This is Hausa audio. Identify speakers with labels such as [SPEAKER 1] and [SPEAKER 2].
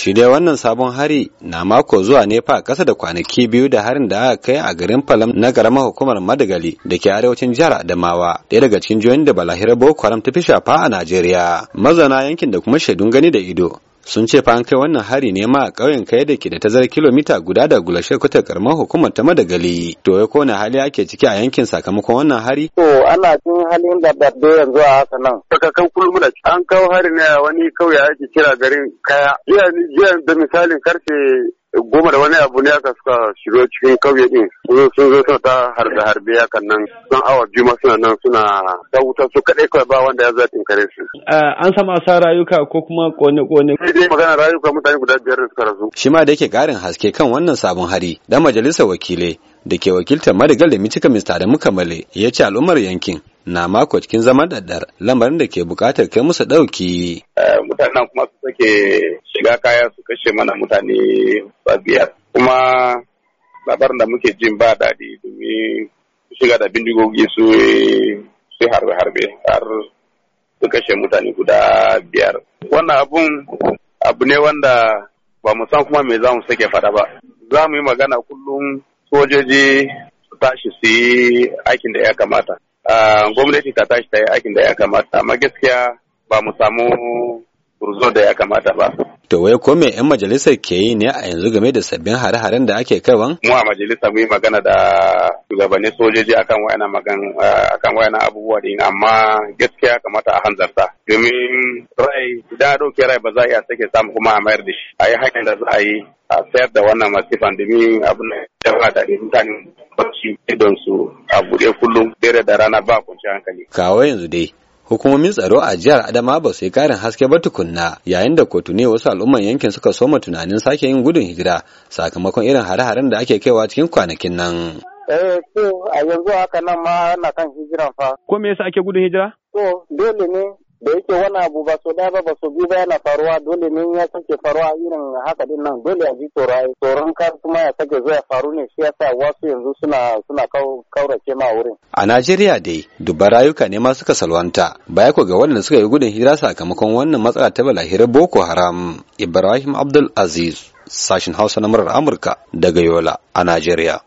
[SPEAKER 1] shi dai wannan sabon hari na mako zuwa ne fa ƙasa da kwanaki biyu da harin da aka kai a garin falam na garama hukumar madagali da ke arewacin jihar adamawa ɗaya daga cikin jihohin da balahira boko haram ta fi shafa a najeriya mazauna yankin da kuma shaidun gani da ido sun ce fa an kai wannan hari ne ma a ƙauyen kai da ke da tazar kilomita guda da gulashe kuta karamar hukumar ta madagali to ya kone hali ake ciki a yankin sakamakon wannan hari
[SPEAKER 2] to ana cin halin da yanzu a haka nan daga kan kulmula an kawo hari ne a wani kauye ake kira garin kaya jiya da misalin karfe goma da wani abu ne aka suka shigo cikin kauye din sun zo suna ta harbe harbe kan nan sun awa biyu suna nan suna ta wuta su kadai kawai ba wanda ya zatin kare su.
[SPEAKER 1] an sama sa rayuka ko kuma kone kone. sai
[SPEAKER 2] dai magana rayuka mutane guda biyar da suka
[SPEAKER 1] rasu. shi ma da yake karin haske kan wannan sabon hari dan majalisar wakilai da ke wakiltar madigal da mitika mista da mukamale ya ce al'ummar yankin na mako cikin zaman daddar lamarin da ke bukatar kai musu dauki.
[SPEAKER 2] Eh, mutanen kuma su sake shiga kaya su kashe mana mutane ba biyar kuma labarin da muke jin ba daɗi domin shiga da bindigogi su su harbe-harbe har su kashe mutane guda biyar wannan abun abu ne wanda ba mu san kuma me za mu sake faɗa ba za mu yi magana kullum sojoji su tashi su yi aikin da ya kamata gwamnati ta tashi ta yi aikin da ya kamata amma gaskiya ba mu samu ruzo da ya kamata ba
[SPEAKER 1] To wai ko me 'yan majalisar ke yi ne a yanzu game da sabbin hare-haren da ake kaiwan?
[SPEAKER 2] Mu a majalisa mu yi magana da shugabannin sojoji akan wayana magan eh, akan wayana abubuwa din amma gaskiya kamata a hanzarta. Domin rai da dauke rai ba za a iya sake samu kuma a mayar da shi. A yi hanyar da za a yi a sayar da wannan masifan domin abin da jama'a da mutane bacci idon su a buɗe kullum dare da rana ba kwanciyar hankali.
[SPEAKER 1] Kawo yanzu dai hukumomin tsaro a jihar adama ba su yi karin haske ba tukunna yayin da kotu ne wasu al'umman yankin suka soma tunanin sake yin gudun hijira sakamakon irin hare-haren da ake kaiwa cikin kwanakin nan eh to a yanzu haka nan ma na kan hijiran fa ko me yasa ake gudun hijira to
[SPEAKER 2] dole ne da yake wani abu ba so daya ba ba so biyu ba yana faruwa dole ne ya sake faruwa irin haka din nan dole a ji tsoron tsoron kar kuma ya sake zuwa faru ne shi yasa wasu yanzu suna suna kaurace ma wurin
[SPEAKER 1] a Najeriya dai dubban rayuka ne ma suka salwanta baya ko ga waɗanda suka yi gudun hira sakamakon wannan matsala ta balahira Boko Haram Ibrahim Abdul Aziz sashin Hausa na murar Amurka daga Yola a Najeriya